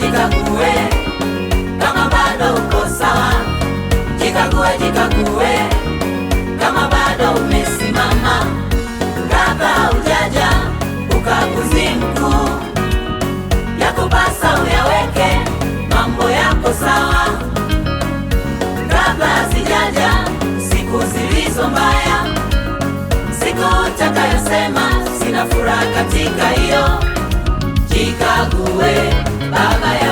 jikague, kama bado uko sawa, jikague, jikague, kama bado umesimama, kabla ujaja ukaguzi mkuu, yakupasa uyaweke mambo yako sawa, kabla zijaja siku zilizo mbaya, siku takayosema sina furaha katika hiyo, jikague. Baba ya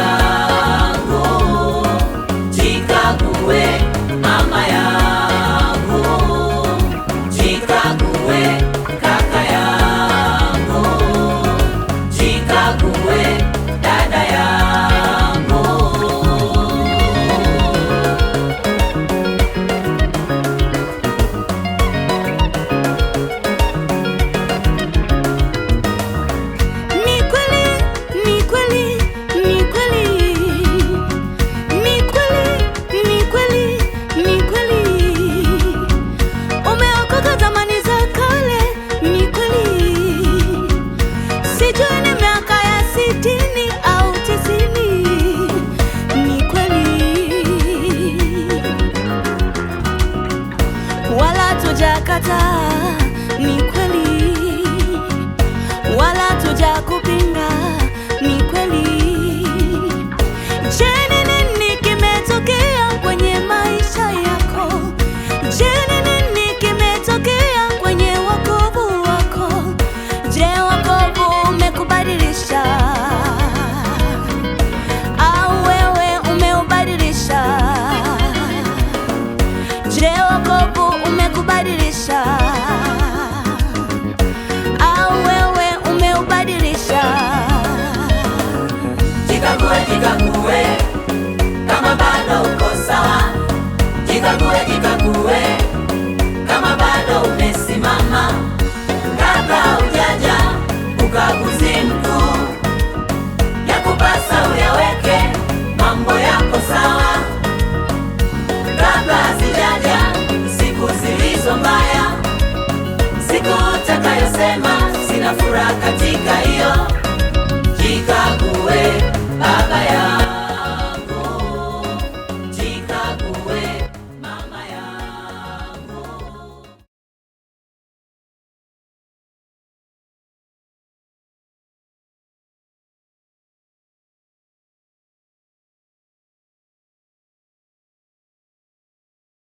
kadar umeubadilisha, au wewe umeubadilisha. Jikague, jikague kama bado uko sawa, jikague, jikague kama bado umesimama, kabla ujaja ukaguzi mkuu, yakupasa uyaweke mambo yako sawa kabla